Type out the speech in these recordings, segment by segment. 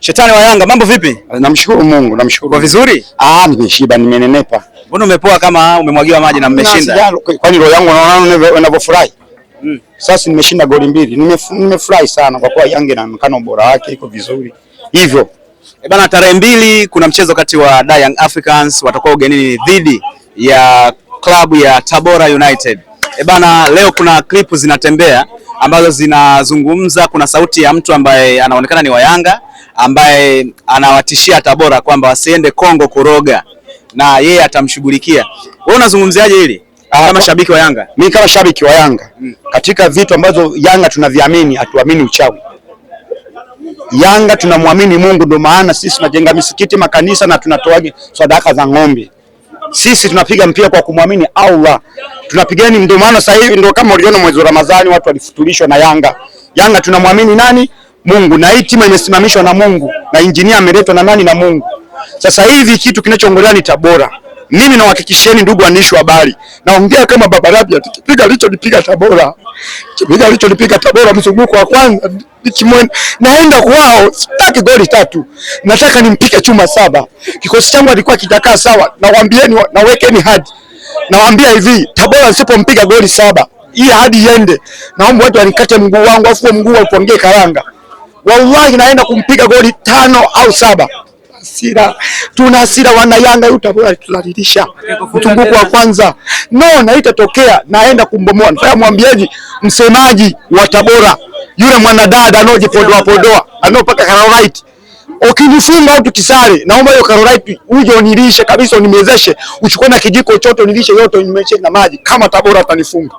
Shetani wa Yanga, mambo vipi? Eh, namshukuru Mungu, namshukuru. Kwa vizuri? Ah, nimeshiba, nimenenepa. Mbona umepoa kama umemwagiwa maji na mmeshinda? Kwani roho yangu naona inavyofurahi. Mm. Sasa nimeshinda goli mbili. Nimefurahi sana kwa kuwa Yanga inaonekana ubora wake iko vizuri. Hivyo. E bana, tarehe mbili kuna mchezo kati wa Young Africans watakuwa ugenini dhidi ya klabu ya Tabora United. E bana, leo kuna klipu zinatembea ambazo zinazungumza. Kuna sauti ya mtu ambaye anaonekana ni wa Yanga ambaye anawatishia Tabora kwamba wasiende Kongo kuroga na yeye atamshughulikia. Wewe unazungumziaje hili ah, kama shabiki wa Yanga? Mimi kama shabiki wa Yanga hmm, katika vitu ambazo Yanga tunaviamini, hatuamini uchawi. Yanga tunamwamini Mungu, ndio maana sisi tunajenga misikiti, makanisa na tunatoa sadaka za ng'ombe sisi tunapiga mpira kwa kumwamini Allah, tunapigani Ndio maana sasa hivi ndio kama uliona mwezi wa Ramadhani watu walifutulishwa na Yanga. Yanga tunamwamini nani? Mungu. Na hii timu imesimamishwa na Mungu, na injinia ameletwa na nani? Na Mungu. Sasa hivi kitu kinachoongolewa ni Tabora. Mimi nawahakikishieni ndugu waandishi wa habari, naongea kama baba Rabia, tukipiga alichonipiga Tabora, tukipiga alichonipiga Tabora, mzunguko wa kwanza nikimwenda, naenda kwao, sitaki goli tatu, nataka nimpike chuma saba. Kikosi changu alikuwa kitakaa sawa, nawaambieni, nawekeni hadi, nawaambia hivi, Tabora sipompiga goli saba, hii hadi iende, naomba watu wanikate mguu wangu, afu mguu wa kuongea karanga, wallahi naenda kumpiga goli tano au saba hasira, tuna hasira wana Yanga, utaalilisha mtumbuko wa kwanza. No, na itatokea naenda kumbomoa. Nataka mwambieji msemaji wa Tabora yule mwanadada anaojipodoa podoa anaopaka karolite Ukinifunga au tisare, naomba hiyo karolite uje unilishe kabisa, unimezeshe, uchukue na kijiko chote unilishe yote, nimeshe na maji. Kama Tabora atanifunga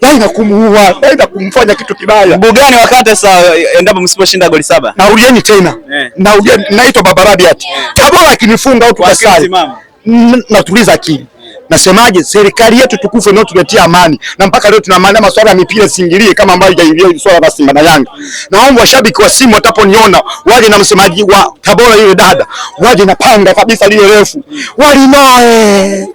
Daima yaani kumuua, daima yaani kumfanya kitu kibaya. Mbugani wakate sawa eh, endapo msiposhinda goli saba. Naulieni tena. Yeah. naitwa Baba Rabiat. Yeah. Tabora akinifunga au tukasali. Natuliza akili. Nasemaje, serikali yetu tukufu nao tuletea amani, na mpaka leo tuna amani, masuala ya mipira singilie kama ambayo haijaingia hili swala la Simba na Yanga. Naomba washabiki wa Simba wataponiona waje na msemaji wa Tabora yule dada, waje na panga kabisa lile refu, walinoe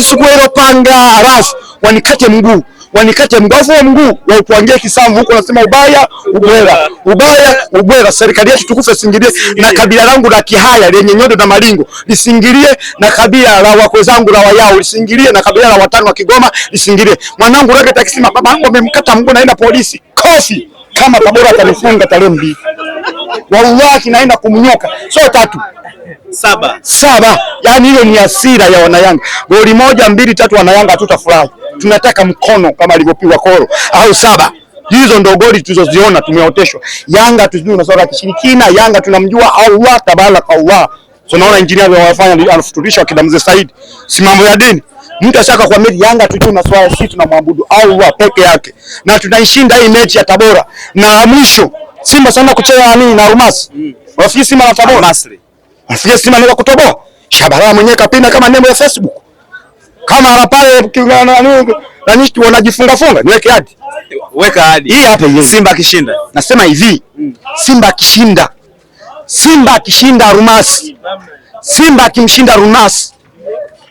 ile panga alafu wanikate mguu, wanikate mguu, afu mguu waupangie kisamvu huko. Nasema ubaya ubwela, ubaya ubwela. Serikali yetu tukufe singilie, na kabila langu la Kihaya lenye nyodo na malingo lisingilie, na kabila la wakwe zangu la Wayao lisingilie, na kabila la watano wa Kigoma lisingilie. Mwanangu rage takisema baba yangu amemkata mguu, naenda polisi kofi kama Tabora atanifunga tarehe mbili, wallahi naenda kumnyoka so tatu saba saba. Yani hiyo ni hasira ya Wanayanga. Goli moja mbili tatu, Wanayanga hatutafurahi tunataka mkono kama alivyopigwa koro au saba. Hizo ndo goli tulizoziona, tumeoteshwa. Yanga tujui na soka ya kishirikina. Yanga tunamjua Allah tabaraka Allah. So naona injinia wanafanya anafuturisha kila mzee Said, si mambo ya dini. Mtu ashaka kwa mimi Yanga tujui na swala, sisi tunamwabudu Allah peke yake, na tunaishinda hii mechi ya Tabora. Na mwisho Simba sana kucheza nini na Almas mm. Rafiki Simba na Tabora Masri, rafiki Simba anaweza kutoboa Shabara mwenyewe kapina kama nembo ya Facebook kama ana pale wanajifunga funga, niweke hadi weka hadi hii hapa ile. Simba akishinda, nasema hivi, Simba akishinda, Simba akishinda Rumas, Simba akimshinda Rumas,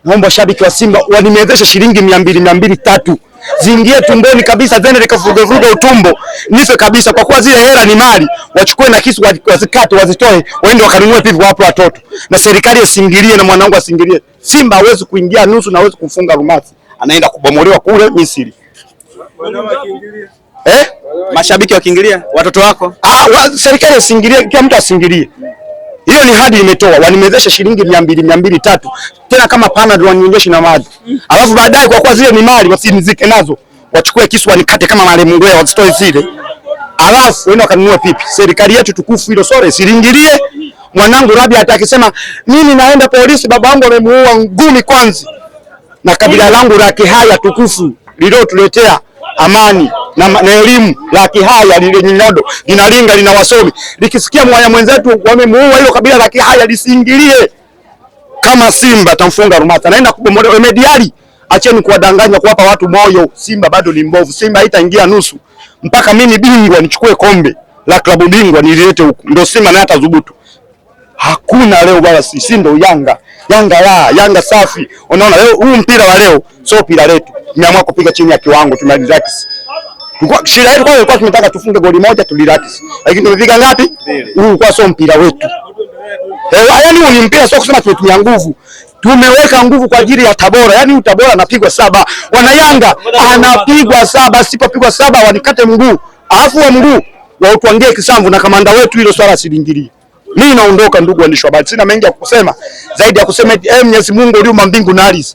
naomba shabiki wa Simba wanimezesha shilingi mia mbili mia mbili tatu ziingie tumboni kabisa, tena likavuruga utumbo nife kabisa, kwa kuwa zile hela ni mali. Wachukue na kisu wazikate, wazitoe, waende wakanunue pipi, wawape watoto, na serikali isingilie, na mwanangu asingilie. Simba hawezi kuingia nusu na hawezi kufunga rumati anaenda kubomolewa kule Misri. Eh, mashabiki wakiingilia, watoto wako, ah, serikali asingilie, kila mtu asingilie hiyo ni hadi nimetoa, wanimezesha shilingi mia mbili mia mbili tatu, tena kama panadol wanionyeshe na maji, alafu baadaye kwa kuwa zile ni mali wasinizike nazo, wachukue kisu wanikate kama mali mngwe wasitoe zile, alafu wenda wakanunua pipi. Serikali yetu tukufu hilo sore silingilie. Mwanangu Rabia hata akisema mimi naenda polisi, baba yangu amemuua ngumi kwanza, na kabila langu la Kihaya tukufu lilo tuletea amani na, na elimu la Kihaya lile nyodo linalinga lina wasomi, likisikia mwaya mwenzetu wamemuua, hilo kabila la Kihaya lisiingilie. Kama Simba tamfunga Rumata, naenda kubomolewa mediali. Acheni kuwadanganya kuwapa watu moyo, Simba bado ni mbovu, Simba haitaingia nusu mpaka mimi bingwa nichukue kombe la klabu bingwa nililete huku, ndio Simba naye atadhubutu. Hakuna leo bwana, si ndio Yanga Yanga la Yanga safi. Unaona leo huu mpira wa leo sio pira letu, tumeamua kupiga chini ya kiwango, tuna relax. Tulikuwa shida yetu kwa ilikuwa tunataka tufunge goli moja tu relax, lakini tumepiga ngapi? Huu ulikuwa sio mpira wetu. Eh, yani huu mpira, sio kusema tumetumia nguvu tumeweka nguvu kwa ajili ya Tabora. Yani Tabora anapigwa saba, wana Yanga anapigwa saba, sipopigwa saba wanikate mguu, alafu wa mguu wautwangie kisamvu na kamanda wetu, hilo swala silingilie. Mimi naondoka, ndugu waandishi wa habari, sina mengi ya kusema zaidi ya kusema eti eh, Mwenyezi Mungu uliumba mbingu na ardhi.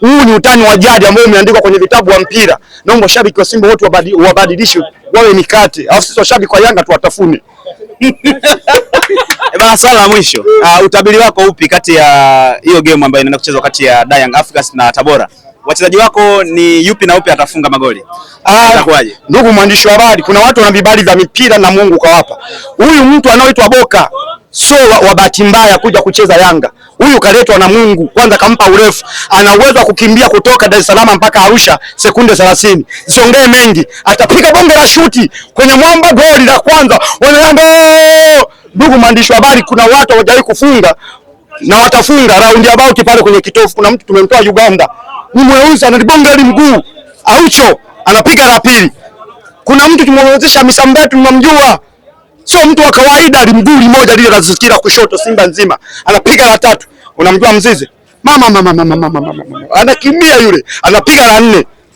Huu ni utani wa jadi ambao umeandikwa kwenye vitabu wa mpira. Naomba washabiki wa Simba wote wabadilishe, wawe mikate, alafu sisi washabiki wa Yanga tuwatafune. Eh, bana, swala la mwisho, uh, utabiri wako upi kati ya hiyo game ambayo inaenda kuchezwa kati ya Young Africans na Tabora? Wachezaji wako ni yupi na upi atafunga magoli? Ah, Atakuwaje? Ndugu mwandishi wa habari, kuna watu wana vibali vya mipira na Mungu kawapa. Huyu mtu anaoitwa Boka sio wa, wa bahati mbaya kuja kucheza Yanga. Huyu kaletwa na Mungu, kwanza kampa urefu, ana uwezo wa kukimbia kutoka Dar es Salaam mpaka Arusha sekunde 30. Siongee mengi, atapiga bonge la shuti kwenye mwamba, goli la kwanza wana Yanga. Ndugu mwandishi wa habari, kuna watu hawajawahi kufunga na watafunga round about pale kwenye kitofu. Kuna mtu tumemtoa Uganda, ni mweusi, analibonga hadi mguu aucho, anapiga la pili. Kuna mtu tumemwezesha Hamisa Mbetu, tunamjua Sio mtu wa kawaida, alimguli moja lile la kushoto, Simba nzima anapiga la tatu, unamjua mzizi mama, mama, mama, mama, mama, mama. Anakimbia yule, anapiga la nne.